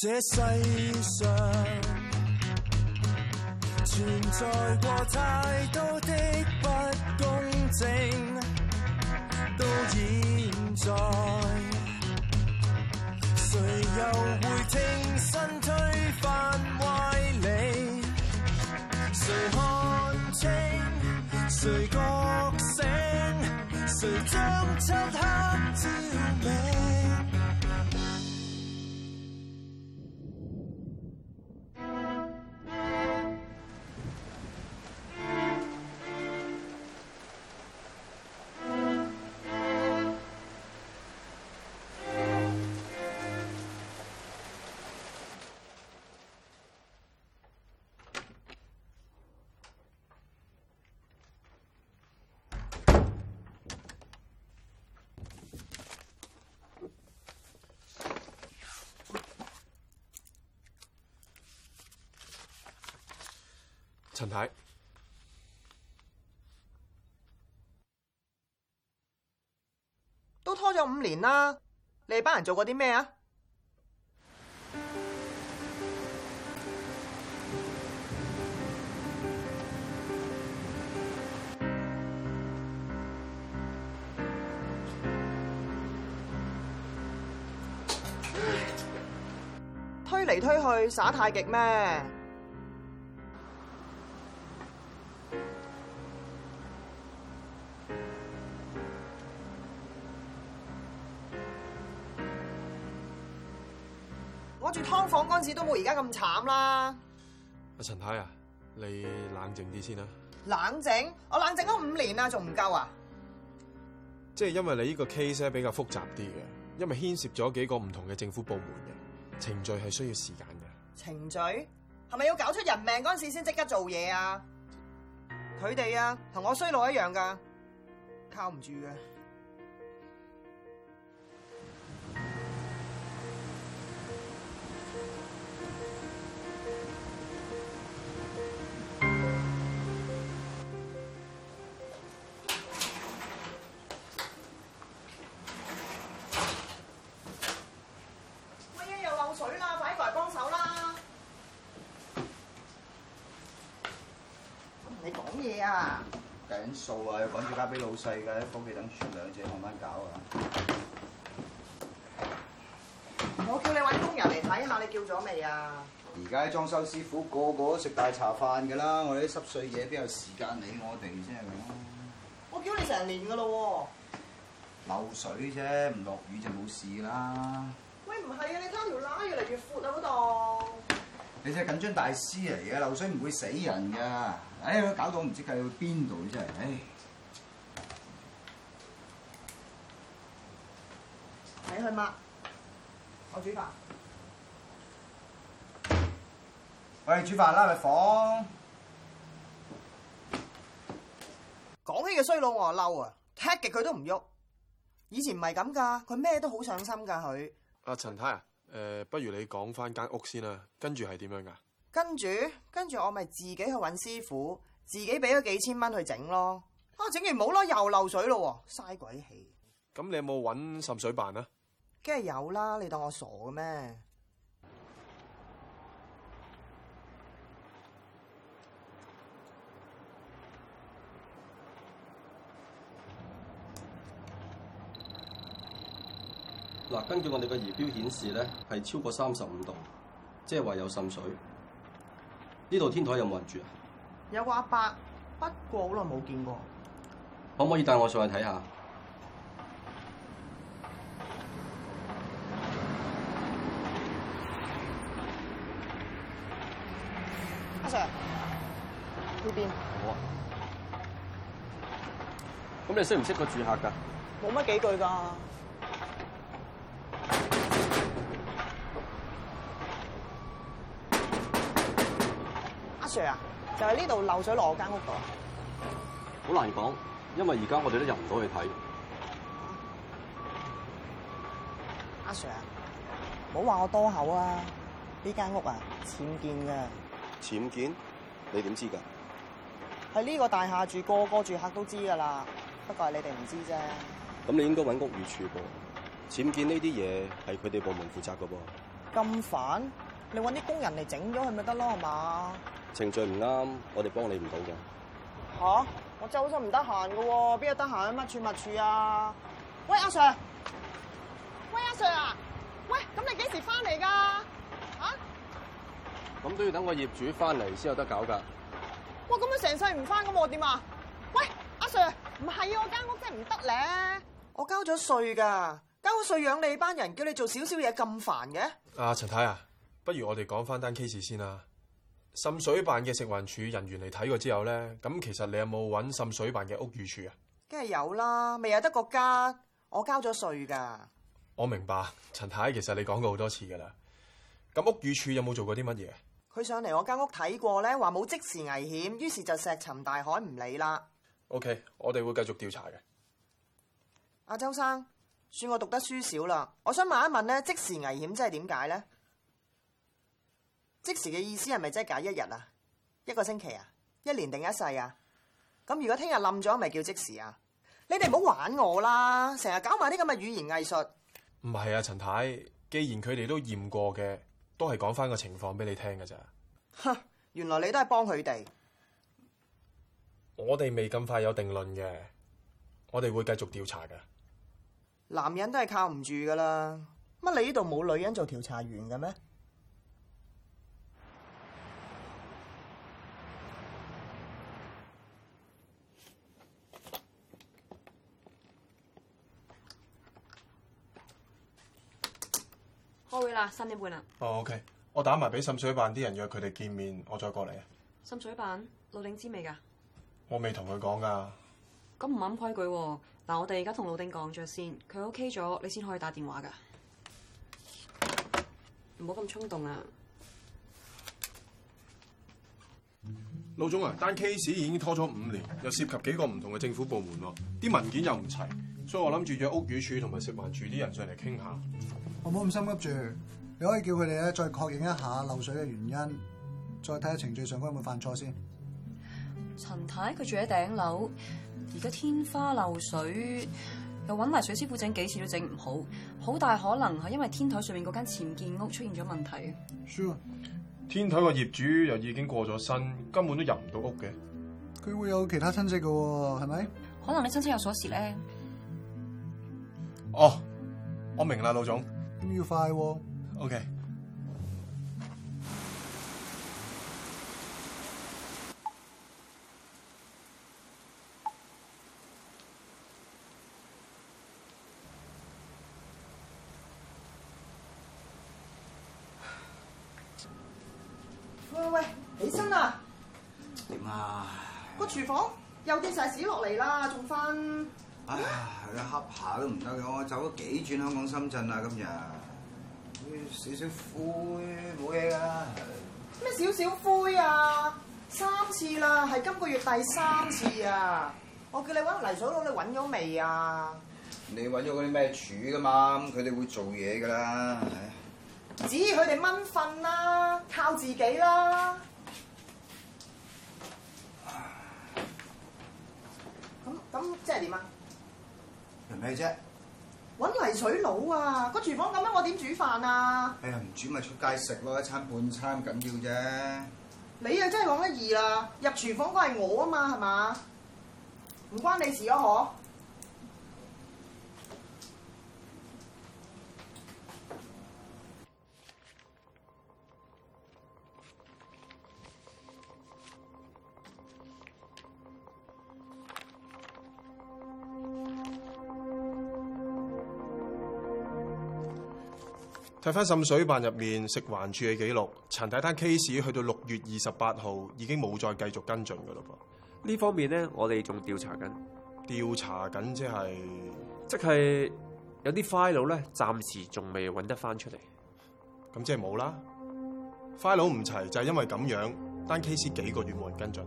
這世上存在過太多的不公正，到現在，誰又會挺身推翻歪理？誰看清？誰覺醒？誰將漆黑照明？陳太都拖咗五年啦，你班人做過啲咩啊？推嚟推去，耍太極咩？事都冇而家咁慘啦，阿陳太啊，你冷靜啲先啦。冷靜？我冷靜咗五年啦，仲唔夠啊？即係因為你呢個 case 比較複雜啲嘅，因為牽涉咗幾個唔同嘅政府部門嘅程序係需要時間嘅。程序係咪要搞出人命嗰陣時先即刻做嘢啊？佢哋啊，同我衰佬一樣噶，靠唔住嘅。計、啊、數啊，又趕住交俾老細噶，喺屋企等住兩者慢慢搞啊！我好叫你搵工人嚟睇下，你叫咗未啊？而家啲裝修師傅個個都食大茶飯噶啦，我啲濕碎嘢邊有時間理我哋啫、啊，係咪我叫你成年噶啦、啊！漏水啫，唔落雨就冇事啦。喂，唔係啊，你揸條拉越嚟越闊啊，嗰度！你隻緊張大師嚟嘅，漏水唔會死人噶。哎呀，搞到唔知計去邊度真係，哎！睇去抹，我煮飯。喂，煮飯啦，咪房。講起嘅衰佬，我話嬲啊，踢極佢都唔喐。以前唔係咁噶，佢咩都好上心噶佢。阿陳太啊，誒、呃，不如你講翻間屋先啦，跟住係點樣㗎？跟住，跟住我咪自己去揾師傅，自己俾咗幾千蚊去整咯。啊，整完冇啦，又漏水咯，啊，嘥鬼氣！咁你有冇揾滲水辦啊？梗係有啦，你當我傻嘅咩？嗱，根據我哋嘅儀表顯示咧，係超過三十五度，即係話有滲水。呢度天台有冇人住啊？有個阿伯，不過好耐冇見過。可唔可以帶我上去睇下？阿 Sir，呢邊好啊。咁你識唔識個住客㗎？冇乜幾句㗎。阿 Sir 啊，就喺呢度漏水落我間屋度啊。好難講，因為而家我哋都入唔到去睇。阿 Sir 啊，唔好話我多口啊！呢間屋啊，僭建噶，僭建？你點知噶？喺呢個大廈住，個個住客都知噶啦，不過係你哋唔知啫。咁你應該揾屋宇署噃，僭建呢啲嘢係佢哋部門負責噶噃。咁煩，你揾啲工人嚟整咗佢咪得咯？係嘛？程序唔啱，我哋幫你唔到嘅。吓、啊，我周身唔得閒噶，邊有得閒啊？乜、啊、處乜處啊？喂，阿 Sir，喂，阿 Sir 啊，喂，咁你幾時翻嚟噶？吓、啊，咁都要等個業主翻嚟先有得搞噶。喂，咁佢成世唔翻，咁我點啊？喂，阿 Sir，唔係啊，我間屋真係唔得咧。我交咗稅噶，交咗稅養你班人，叫你做少少嘢咁煩嘅。阿、啊、陳太啊，不如我哋講翻單 case 先啦。滲水辦嘅食環署人員嚟睇過之後咧，咁其實你有冇搵滲水辦嘅屋宇署啊？梗係有啦，未有得國家，我交咗稅噶。我明白，陳太，其實你講過好多次噶啦。咁屋宇署有冇做過啲乜嘢？佢上嚟我間屋睇過咧，話冇即時危險，於是就石沉大海唔理啦。OK，我哋會繼續調查嘅。阿周生，算我讀得書少啦，我想問一問咧，即時危險即係點解咧？即時嘅意思係咪真係解一日啊？一個星期啊？一年定一世啊？咁如果聽日冧咗，咪叫即時啊？你哋唔好玩我啦！成日搞埋啲咁嘅語言藝術。唔係啊，陳太，既然佢哋都驗過嘅，都係講翻個情況俾你聽噶咋。原來你都係幫佢哋。我哋未咁快有定論嘅，我哋會繼續調查噶。男人都係靠唔住噶啦。乜你呢度冇女人做調查員嘅咩？開會啦，三點半啦。哦、oh,，OK，我打埋俾滲水辦啲人約佢哋見面，我再過嚟。滲水辦，啊、老丁知未㗎？我未同佢講㗎。咁唔啱規矩喎！嗱，我哋而家同老丁講咗先，佢 OK 咗，你先可以打電話㗎。唔好咁衝動啊！老總啊，單 case 已經拖咗五年，又涉及幾個唔同嘅政府部門咯，啲文件又唔齊，所以我諗住約屋宇署同埋食環署啲人上嚟傾下。我冇咁心急住，你可以叫佢哋咧再確認一下漏水嘅原因，再睇下程序上佢有冇犯錯先。陳太佢住喺頂樓，而家天花漏水，又揾埋水師傅整幾次都整唔好，好大可能係因為天台上面嗰間僭建屋出現咗問題。Sure，天台個業主又已經過咗身，根本都入唔到屋嘅。佢會有其他親戚噶，係咪？可能你親戚有鎖匙咧。哦、oh,，我明啦，老總。咁要快喎，哦，OK。喂喂喂，起身啦！點啊？個廚房又跌晒屎落嚟啦，仲瞓。黑下都唔得嘅，我走咗幾轉香港、深圳啊！今日少少灰，冇嘢㗎。咩少少灰啊？三次啦，係今個月第三次啊！我叫你揾泥水佬，你揾咗未啊？你揾咗嗰啲咩柱㗎嘛？佢哋會做嘢㗎啦。指佢哋蚊瞓啦，靠自己啦。咁咁即係點啊？咩啫？搵泥水佬啊！個廚房咁樣，我點煮飯啊？哎呀，唔煮咪出街食咯，一餐半餐咁緊要啫。你啊真係講得易啦，入廚房嘅係我啊嘛，係嘛？唔關你事咯，嗬。睇翻滲水辦入面食環處嘅記錄，陳太單 case 去到六月二十八號已經冇再繼續跟進噶啦噃。呢方面咧，我哋仲調查緊，調查緊、就是、即係即係有啲 file 咧，暫時仲未揾得翻出嚟。咁即係冇啦，file 唔齊就係、就是、因為咁樣，單 case 幾個月冇人跟進。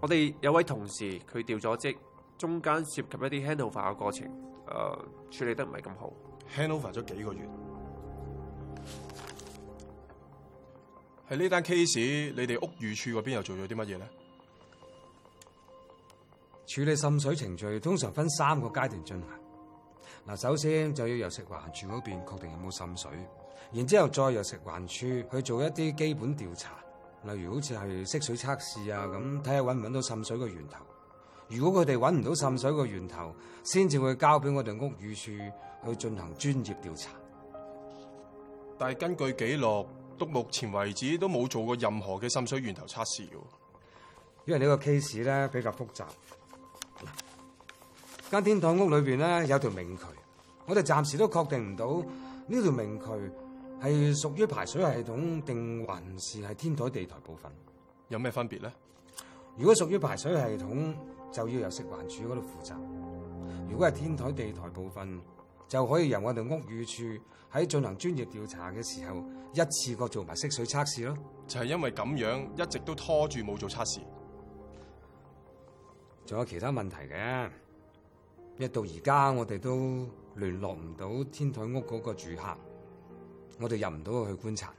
我哋有位同事佢調咗職，中間涉及一啲 handover 嘅過程，誒、呃、處理得唔係咁好，handover 咗幾個月。喺呢單 case，你哋屋宇署嗰邊又做咗啲乜嘢呢？處理滲水程序通常分三個階段進行。嗱，首先就要由食環署嗰邊確定有冇滲水，然之後再由食環署去做一啲基本調查，例如好似係色水測試啊咁，睇下搵唔搵到滲水嘅源頭。如果佢哋搵唔到滲水嘅源頭，先至會交俾我哋屋宇署去進行專業調查。但係根據記錄，到目前為止都冇做過任何嘅滲水源頭測試。因為呢個 case 咧比較複雜，嗱，間天台屋裏邊咧有條明渠，我哋暫時都確定唔到呢條明渠係屬於排水系統定還是係天台地台部分？有咩分別咧？如果屬於排水系統，就要由食環署嗰度負責；如果係天台地台部分，就可以由我哋屋宇署喺進行專業調查嘅時候，一次過做埋色水測試咯。就係因為咁樣，一直都拖住冇做測試。仲有其他問題嘅，一到而家我哋都聯絡唔到天台屋嗰個住客，我哋入唔到去觀察。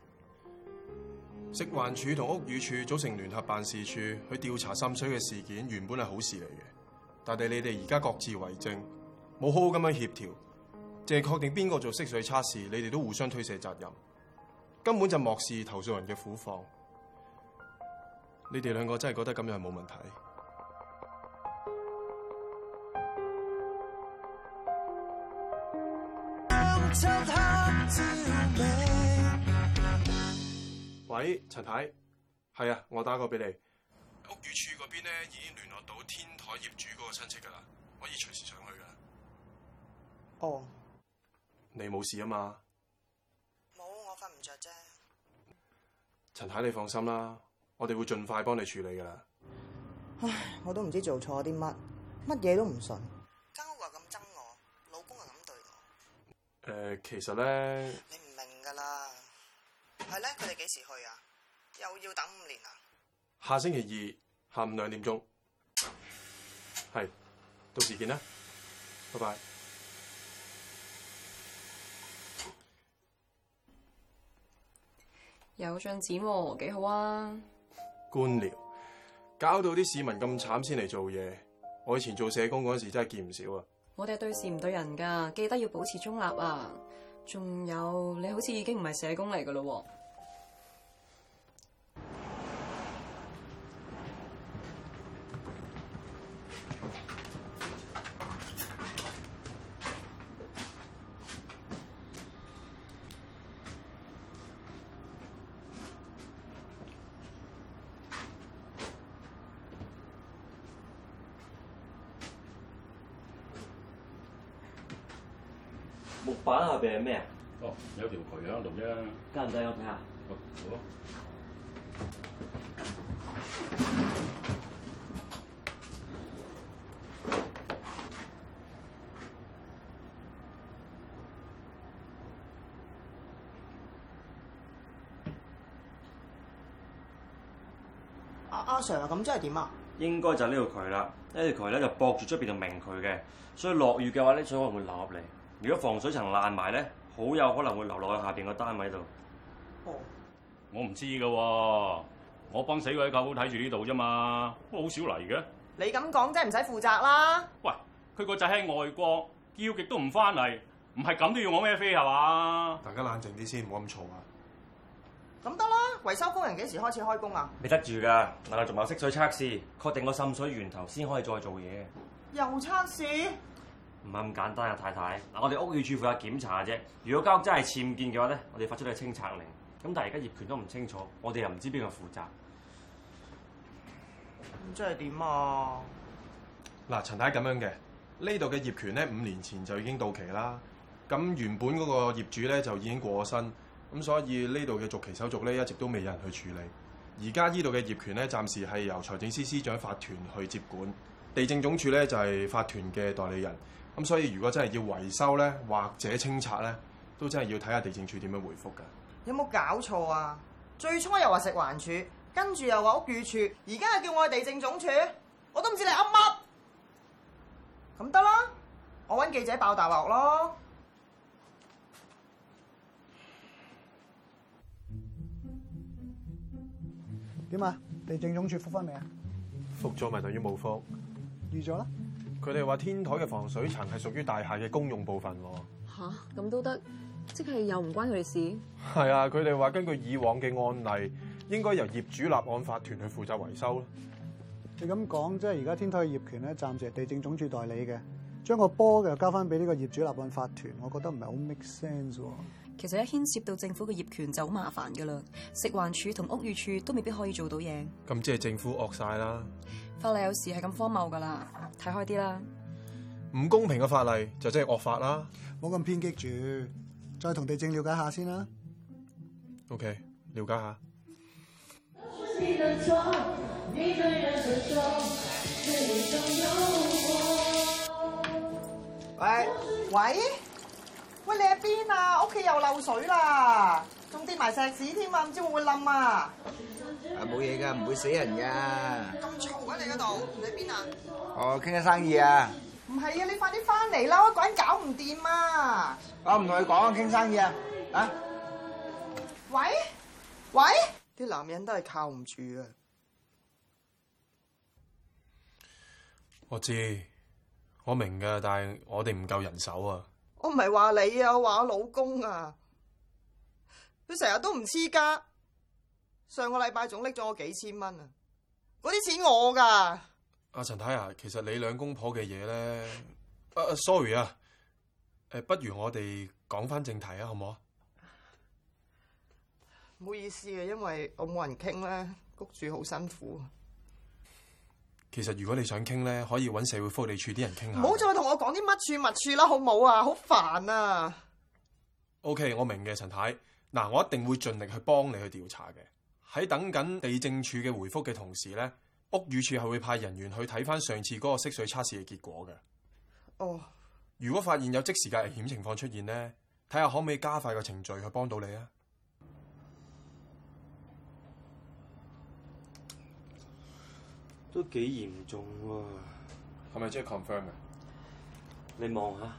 食環署同屋宇署組成聯合辦事處去調查滲水嘅事件，原本係好事嚟嘅，但係你哋而家各自為政，冇好好咁樣協調。淨係確定邊個做色水測試，你哋都互相推卸責任，根本就漠視投訴人嘅苦況。你哋兩個真係覺得咁樣係冇問題？喂，陳太，係啊，我打個俾你。屋宇處嗰邊咧已經聯絡到天台業主嗰個親戚噶啦，可以隨時上去噶啦。哦、oh.。你冇事啊嘛？冇，我瞓唔着啫。陳太，你放心啦，我哋會盡快幫你處理噶啦。唉，我都唔知做錯啲乜，乜嘢都唔順。間屋又咁憎我，老公又咁對我。誒、呃，其實咧，你唔明噶啦。係咧，佢哋幾時去啊？又要等五年啊？下星期二下午兩點鐘，係，到時見啦，拜拜。有進展喎，啊，幾好啊！官僚搞到啲市民咁慘先嚟做嘢，我以前做社工嗰陣時真係見唔少啊！我哋係對事唔對人噶，記得要保持中立啊！仲有，你好似已經唔係社工嚟噶喎。大家要睇下。阿、okay？啊啊啊、Sir，咁、啊、即係點呀？應該就係呢條渠啦，呢、這、條、個、渠呢，就是、駁住出面，同明渠嘅，所以落雨嘅話呢，水可能會流入嚟。如果防水層爛埋呢，好有可能會流落去下面個單位度。Oh. 我唔知噶，我幫死鬼舅父睇住呢度啫嘛，都好少嚟嘅。你咁講真唔使負責啦。喂，佢個仔喺外國，叫極都唔翻嚟，唔係咁都要我咩飛係嘛？大家冷靜啲先，唔好咁嘈啊。咁得啦，維修工人幾時開始開工啊？未得住噶，嗱仲有色水測試，確定個滲水源頭先可以再做嘢。又測試？唔係咁簡單啊，太太，嗱我哋屋宇署負責檢查啫。如果交真係僭建嘅話咧，我哋發出去清拆令。咁但係而家業權都唔清楚，我哋又唔知邊個負責，咁即係點啊？嗱，陳太咁樣嘅呢度嘅業權咧，五年前就已經到期啦。咁原本嗰個業主咧就已經過咗身，咁所以呢度嘅續期手續咧一直都未有人去處理。而家呢度嘅業權咧，暫時係由財政司司長法團去接管，地政總署咧就係法團嘅代理人。咁所以如果真係要維修咧，或者清拆咧，都真係要睇下地政處點樣回覆㗎。有冇搞錯啊？最初又話食環署，跟住又話屋宇署，而家又叫我去地政總署，我都唔知你噏乜。咁得啦，我揾記者爆大鑊咯。點啊？地政總署復翻未啊？復咗咪等於冇復？預咗啦。佢哋話天台嘅防水層係屬於大廈嘅公用部分喎。嚇！咁都得。即係又唔關佢哋事。係啊，佢哋話根據以往嘅案例，應該由業主立案法團去負責維修咯。你咁講，即係而家天台嘅業權咧，暫時係地政總署代理嘅，將個波又交翻俾呢個業主立案法團，我覺得唔係好 make sense。其實一牽涉到政府嘅業權就好麻煩噶啦，食環署同屋宇署都未必可以做到嘢。咁即係政府惡晒啦。法例有時係咁荒謬噶啦，睇開啲啦。唔公平嘅法例就真係惡法啦，冇咁偏激住。再同地政了解下先啦。OK，了解下。喂喂喂，你喺邊啊？屋企又漏水啦，仲跌埋石屎添啊！唔知會唔會冧啊？啊，冇嘢噶，唔會死人噶。咁嘈嘅你嗰度，你喺邊啊？我傾緊生意啊。唔係啊！你快啲翻嚟啦，一個人搞唔掂啊！我唔同你講啊，傾生意啊，啊？喂喂，啲男人都係靠唔住啊！我知，我明噶，但係我哋唔夠人手啊！我唔係話你啊，我話我老公啊，佢成日都唔黐家，上個禮拜仲拎咗我幾千蚊啊！嗰啲錢我噶。阿、啊、陳太啊，其實你兩公婆嘅嘢咧，誒、啊啊，sorry 啊，誒，不如我哋講返正題啊，好唔好啊？唔好意思嘅，因為我冇人傾咧，焗住好辛苦。其實如果你想傾咧，可以搵社會福利署啲人傾下。唔好再同我講啲乜署乜署啦，好唔好，好煩啊？好煩啊！OK，我明嘅，陳太，嗱，我一定會盡力去幫你去調查嘅。喺等緊地政署嘅回覆嘅同時咧。屋宇處係會派人員去睇翻上次嗰個色水測試嘅結果嘅。哦。如果發現有即時嘅危險情況出現咧，睇下可唔可以加快個程序去幫到你啊？都幾嚴重喎。係咪即係 confirm 嘅？你望下，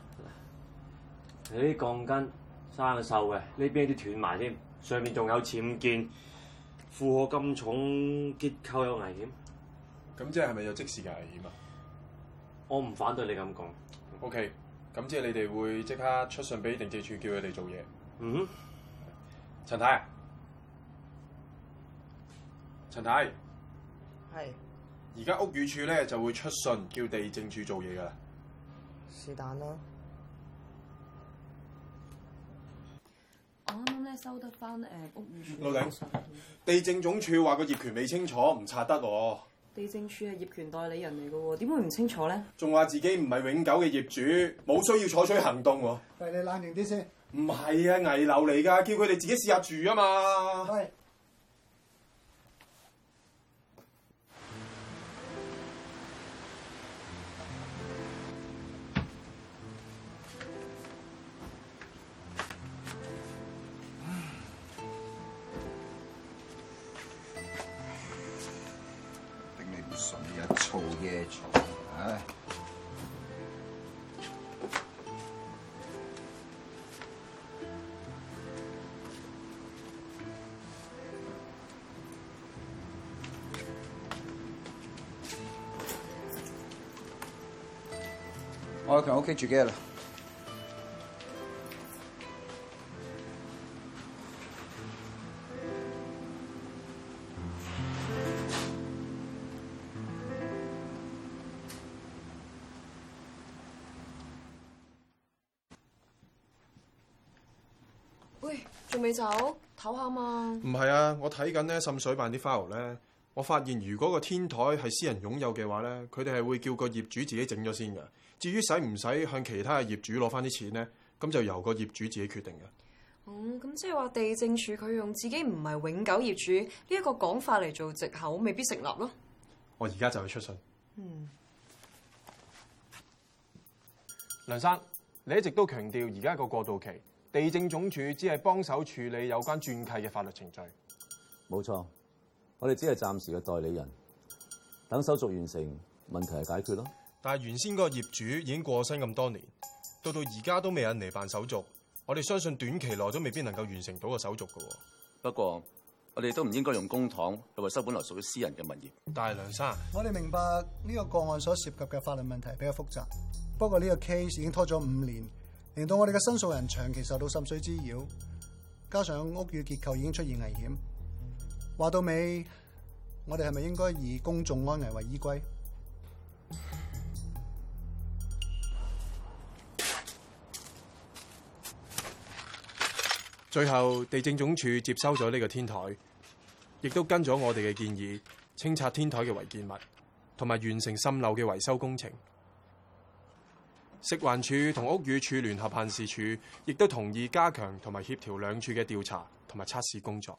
嗱，有啲鋼筋生銹嘅，呢邊啲斷埋添，上面仲有僭建，負荷咁重，結構有危險。咁即係係咪有即時嘅危險啊？我唔反對你咁講。OK，咁即係你哋會即刻出信俾地政署，叫佢哋做嘢。嗯。陳太。陳太。係。而家屋宇署咧就會出信叫地政署做嘢㗎啦。是但咯。我啱啱收得返誒屋宇署。老頂。地政總署話個業權未清楚，唔拆得喎。地政處係業權代理人嚟嘅喎，點會唔清楚咧？仲話自己唔係永久嘅業主，冇需要採取行動喎、啊。係，你冷靜啲先，唔係啊，危樓嚟㗎，叫佢哋自己試下住啊嘛。係。我喺佢屋企住嘅啦。喂，仲未走？唞下嘛。唔係啊，我睇緊呢滲水辦啲 file 呢。我發現，如果個天台係私人擁有嘅話咧，佢哋係會叫個業主自己整咗先㗎。至於使唔使向其他嘅業主攞返啲錢咧，咁就由個業主自己決定嘅。哦、嗯，咁即係話地政署佢用自己唔係永久業主呢一個講法嚟做藉口，未必成立咯。我而家就去出信。嗯，梁生，你一直都強調而家個過渡期，地政總署只係幫手處理有關轉契嘅法律程序。冇錯。我哋只係暫時嘅代理人，等手續完成，問題係解決咯。但係原先嗰個業主已經過身咁多年，到到而家都未有人嚟辦手續，我哋相信短期內都未必能夠完成到個手續嘅。不過，我哋都唔應該用公帑去為收本來屬於私人嘅物業。但係梁生，我哋明白呢個個案所涉及嘅法律問題比較複雜，不過呢個 case 已經拖咗五年，令到我哋嘅申訴人長期受到滲水滋擾，加上屋宇結構已經出現危險。話到尾，我哋係咪應該以公眾安危為依歸？最後，地政總署接收咗呢個天台，亦都跟咗我哋嘅建議，清拆天台嘅違建物，同埋完成滲漏嘅維修工程。食環署同屋宇署聯合辦事處亦都同意加強同埋協調兩處嘅調查同埋測試工作。